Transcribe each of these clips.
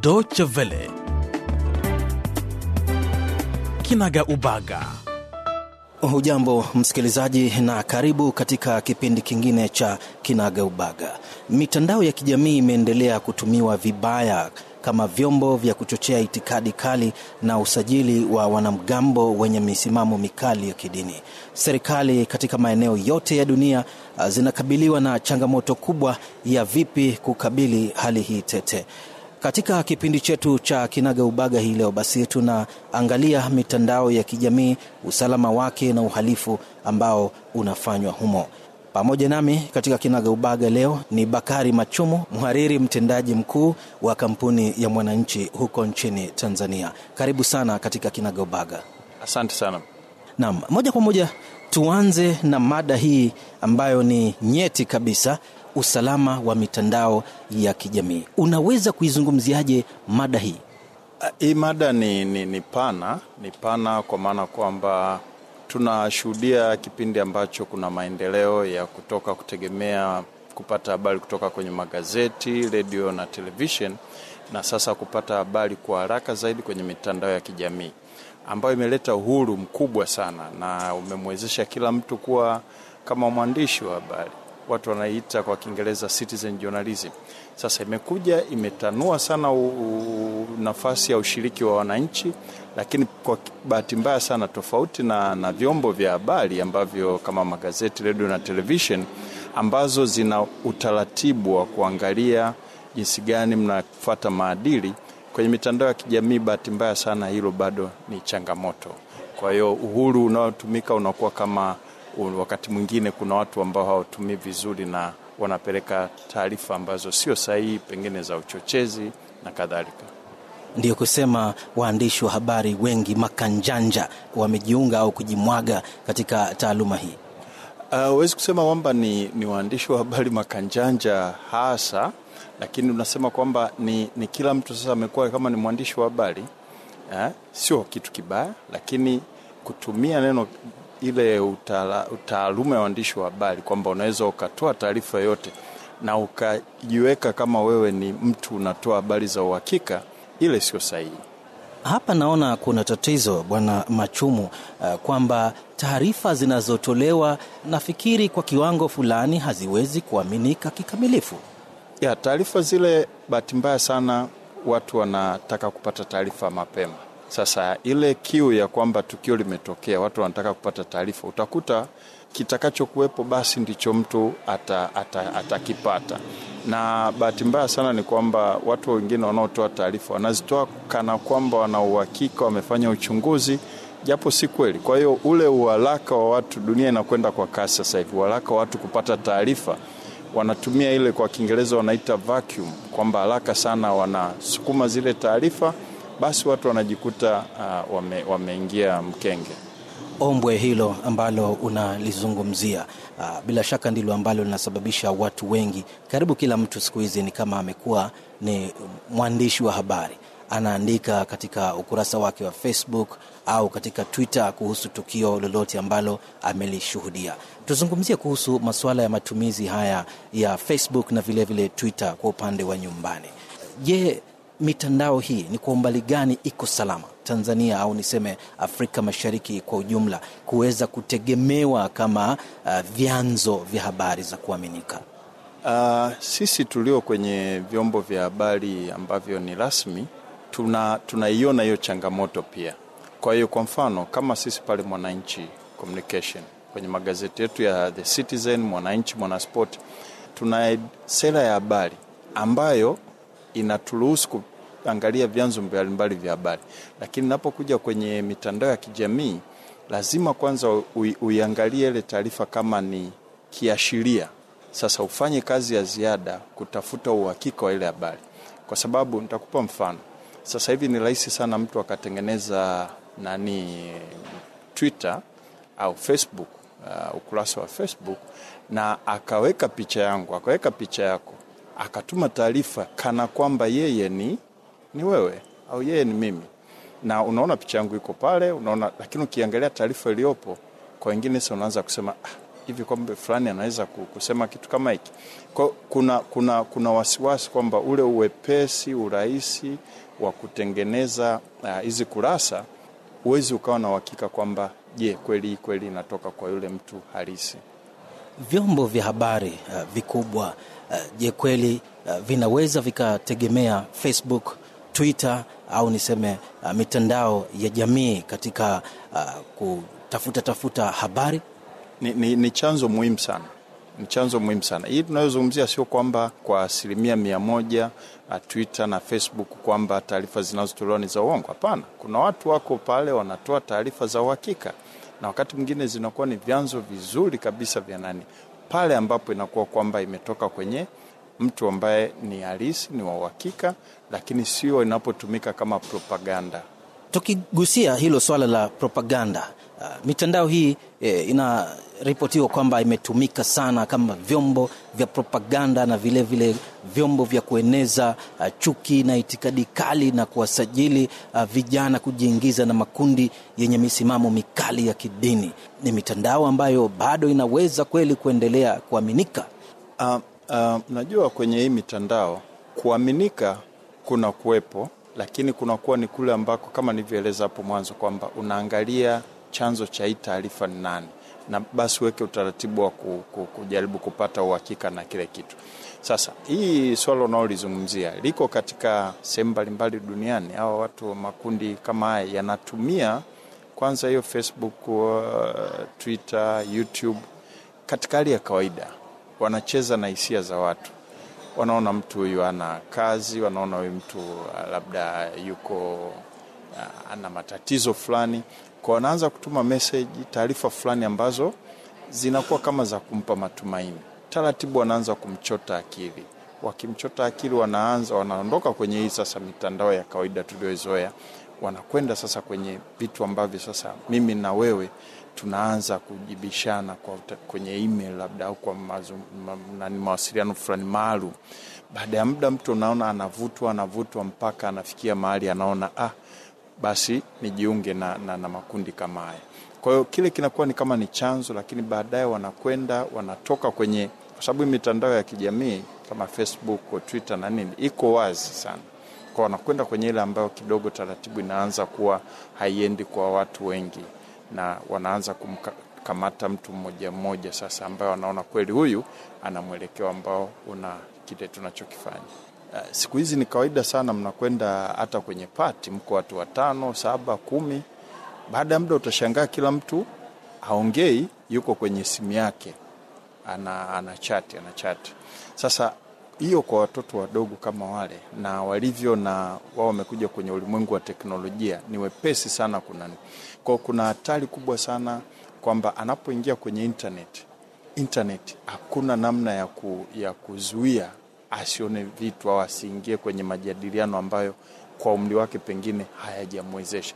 Deutsche Welle, kinaga ubaga. Hujambo msikilizaji, na karibu katika kipindi kingine cha kinaga ubaga. Mitandao ya kijamii imeendelea kutumiwa vibaya kama vyombo vya kuchochea itikadi kali na usajili wa wanamgambo wenye misimamo mikali ya kidini. Serikali katika maeneo yote ya dunia zinakabiliwa na changamoto kubwa ya vipi kukabili hali hii tete. Katika kipindi chetu cha Kinaga Ubaga hii leo, basi tunaangalia mitandao ya kijamii, usalama wake na uhalifu ambao unafanywa humo. Pamoja nami katika Kinaga Ubaga leo ni Bakari Machumu, mhariri mtendaji mkuu wa kampuni ya Mwananchi huko nchini Tanzania. Karibu sana katika Kinaga Ubaga. Asante sana. Naam, moja kwa moja tuanze na mada hii ambayo ni nyeti kabisa usalama wa mitandao ya kijamii. Unaweza kuizungumziaje mada hii? Ah, hii mada ni, ni, ni pana ni pana kwa maana kwamba tunashuhudia kipindi ambacho kuna maendeleo ya kutoka kutegemea kupata habari kutoka kwenye magazeti, redio na televishen na sasa kupata habari kwa haraka zaidi kwenye mitandao ya kijamii ambayo imeleta uhuru mkubwa sana na umemwezesha kila mtu kuwa kama mwandishi wa habari watu wanaiita kwa Kiingereza citizen journalism. Sasa imekuja imetanua sana u, u, nafasi ya ushiriki wa wananchi, lakini kwa bahati mbaya sana, tofauti na, na vyombo vya habari ambavyo kama magazeti, redio na television ambazo zina utaratibu wa kuangalia jinsi gani mnafuata maadili, kwenye mitandao ya kijamii, bahati mbaya sana, hilo bado ni changamoto. Kwa hiyo uhuru unaotumika unakuwa kama wakati mwingine kuna watu ambao hawatumii vizuri na wanapeleka taarifa ambazo sio sahihi, pengine za uchochezi na kadhalika. Ndiyo kusema waandishi wa habari wengi makanjanja wamejiunga au kujimwaga katika taaluma hii. Ah, huwezi uh, kusema kwamba ni, ni waandishi wa habari makanjanja hasa, lakini unasema kwamba ni, ni kila mtu sasa amekuwa kama ni mwandishi wa habari eh, sio kitu kibaya, lakini kutumia neno ile utaalume wa waandishi wa habari kwamba unaweza ukatoa taarifa yote na ukajiweka kama wewe ni mtu unatoa habari za uhakika, ile sio sahihi. Hapa naona kuna tatizo Bwana Machumu, uh, kwamba taarifa zinazotolewa nafikiri kwa kiwango fulani haziwezi kuaminika kikamilifu. Ya taarifa zile, bahati mbaya sana watu wanataka kupata taarifa mapema sasa ile kiu ya kwamba tukio limetokea, watu wanataka kupata taarifa, utakuta kitakachokuwepo basi ndicho mtu atakipata ata, ata na bahati mbaya sana ni kwamba watu wengine wanaotoa taarifa wanazitoa kana kwamba wana uhakika wamefanya uchunguzi, japo si kweli. Kwa hiyo ule uharaka wa watu, dunia inakwenda kwa kasi sasa hivi, uharaka wa watu kupata taarifa, wanatumia ile kwa Kiingereza wanaita vacuum, kwamba haraka sana wanasukuma zile taarifa basi watu wanajikuta uh, wame, wameingia mkenge. Ombwe hilo ambalo unalizungumzia uh, bila shaka ndilo ambalo linasababisha watu wengi, karibu kila mtu siku hizi ni kama amekuwa ni mwandishi wa habari anaandika katika ukurasa wake wa Facebook au katika Twitter kuhusu tukio lolote ambalo amelishuhudia. Tuzungumzie kuhusu masuala ya matumizi haya ya Facebook na vilevile vile Twitter kwa upande wa nyumbani. Je, mitandao hii ni kwa umbali gani iko salama Tanzania au niseme Afrika Mashariki kwa ujumla kuweza kutegemewa kama uh, vyanzo vya habari za kuaminika? Uh, sisi tulio kwenye vyombo vya habari ambavyo ni rasmi tunaiona tuna hiyo changamoto pia. Kwa hiyo kwa mfano kama sisi pale Mwananchi Communication kwenye magazeti yetu ya The Citizen, Mwananchi, Mwanaspoti, tuna sera ya habari ambayo inaturuhusu angalia vyanzo mbalimbali vya habari, lakini napokuja kwenye mitandao ya kijamii, lazima kwanza uiangalie ile taarifa kama ni kiashiria. Sasa ufanye kazi ya ziada kutafuta uhakika wa ile habari, kwa sababu nitakupa mfano. Sasa hivi ni rahisi sana mtu akatengeneza nani Twitter au Facebook, uh, ukurasa wa Facebook na akaweka picha yangu akaweka picha yako akatuma taarifa kana kwamba yeye ni ni wewe au yeye ni mimi, na unaona picha yangu iko pale, unaona. Lakini ukiangalia taarifa iliyopo kwa wengine, sasa unaanza kusema ah, hivi kwamba fulani anaweza kusema kitu kama hiki. Kwa kuna, kuna, kuna wasiwasi kwamba ule uwepesi, urahisi wa kutengeneza ah, hizi uh, kurasa, huwezi ukawa na uhakika kwamba je, kweli kweli inatoka kwa yule mtu halisi. Vyombo vya habari uh, vikubwa uh, je kweli uh, vinaweza vikategemea Facebook Twitter au niseme uh, mitandao ya jamii katika uh, kutafuta tafuta habari ni, ni, ni chanzo muhimu sana ni chanzo muhimu sana. Hii tunayozungumzia sio kwamba kwa asilimia mia moja uh, Twitter na Facebook kwamba taarifa zinazotolewa ni za uongo. Hapana, kuna watu wako pale wanatoa taarifa za uhakika, na wakati mwingine zinakuwa ni vyanzo vizuri kabisa vya nani, pale ambapo inakuwa kwamba imetoka kwenye mtu ambaye ni halisi, ni wa uhakika, lakini sio inapotumika kama propaganda. Tukigusia hilo swala la propaganda, uh, mitandao hii e, inaripotiwa kwamba imetumika sana kama vyombo vya propaganda na vilevile vile vyombo vya kueneza uh, chuki na itikadi kali na kuwasajili uh, vijana kujiingiza na makundi yenye misimamo mikali ya kidini. Ni mitandao ambayo bado inaweza kweli kuendelea kuaminika? Uh, Uh, najua kwenye hii mitandao kuaminika kuna kuwepo, lakini kunakuwa ni kule ambako kama nilivyoeleza hapo mwanzo kwamba unaangalia chanzo cha hii taarifa ni nani, na basi weke utaratibu wa kujaribu kupata uhakika na kile kitu. Sasa hii swala unaolizungumzia liko katika sehemu mbalimbali duniani. Hawa watu makundi kama haya yanatumia kwanza hiyo Facebook, uh, Twitter, YouTube katika hali ya kawaida wanacheza na hisia za watu. Wanaona mtu huyu ana kazi, wanaona huyu mtu ah, labda yuko ah, ana matatizo fulani, kwa wanaanza kutuma meseji, taarifa fulani ambazo zinakuwa kama za kumpa matumaini. Taratibu wanaanza kumchota akili, wakimchota akili wanaanza wanaondoka kwenye hii sasa mitandao ya kawaida tuliyoizoea, wanakwenda sasa kwenye vitu ambavyo sasa mimi na wewe tunaanza kujibishana kwa kwenye email labda au kwa mawasiliano fulani maalum. Baada ya muda, mtu unaona anavutwa anavutwa mpaka anafikia mahali anaona ah, basi nijiunge na, na, na makundi kama haya. Kwa hiyo kile kinakuwa ni kama ni chanzo, lakini baadaye wanakwenda wanatoka kwenye, kwa sababu mitandao ya kijamii kama Facebook, Twitter na nini iko wazi sana kwa wanakwenda kwenye ile ambayo kidogo taratibu inaanza kuwa haiendi kwa watu wengi, na wanaanza kumkamata mtu mmoja mmoja sasa, ambayo wanaona kweli huyu ana mwelekeo ambao una kile tunachokifanya. Eh, siku hizi ni kawaida sana, mnakwenda hata kwenye pati, mko watu watano, saba, kumi. Baada ya muda utashangaa kila mtu haongei, yuko kwenye simu yake, ana, ana chati, ana chati. Sasa hiyo kwa watoto wadogo kama wale na walivyo na wao wamekuja kwenye ulimwengu wa teknolojia, ni wepesi sana kunani kwao. Kuna hatari kubwa sana kwamba anapoingia kwenye internet, internet hakuna namna ya, ku, ya kuzuia asione vitu au asiingie kwenye majadiliano ambayo kwa umri wake pengine hayajamwezesha.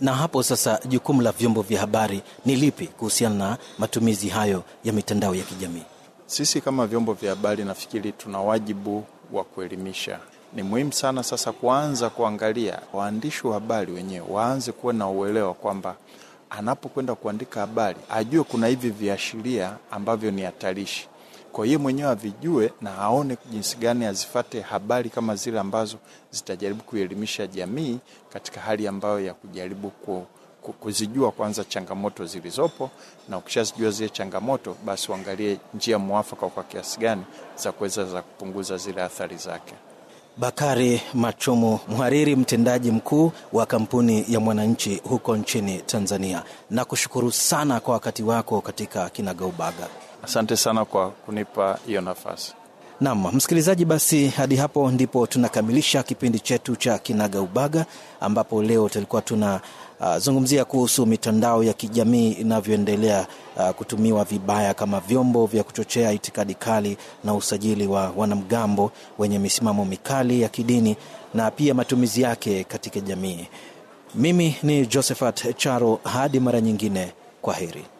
Na hapo sasa, jukumu la vyombo vya habari ni lipi kuhusiana na matumizi hayo ya mitandao ya kijamii? Sisi kama vyombo vya habari, nafikiri tuna wajibu wa kuelimisha. Ni muhimu sana sasa kuanza kuangalia waandishi wa habari wenyewe waanze kuwa na uelewa kwamba anapokwenda kuandika habari ajue kuna hivi viashiria ambavyo ni hatarishi, kwa hiyo mwenyewe avijue na aone jinsi gani azifate habari kama zile ambazo zitajaribu kuelimisha jamii katika hali ambayo ya kujaribu ku kuzijua kwanza changamoto zilizopo, na ukishazijua zile changamoto, basi uangalie njia mwafaka kwa kiasi gani za kuweza za kupunguza zile athari zake. Bakari Machumu, mhariri mtendaji mkuu wa kampuni ya Mwananchi huko nchini Tanzania, na kushukuru sana kwa wakati wako katika Kinagaubaga. Asante sana kwa kunipa hiyo nafasi. Nam msikilizaji, basi hadi hapo ndipo tunakamilisha kipindi chetu cha Kinaga Ubaga, ambapo leo tulikuwa tunazungumzia uh, kuhusu mitandao ya kijamii inavyoendelea uh, kutumiwa vibaya kama vyombo vya kuchochea itikadi kali na usajili wa wanamgambo wenye misimamo mikali ya kidini na pia matumizi yake katika jamii. Mimi ni Josephat Charo, hadi mara nyingine, kwa heri.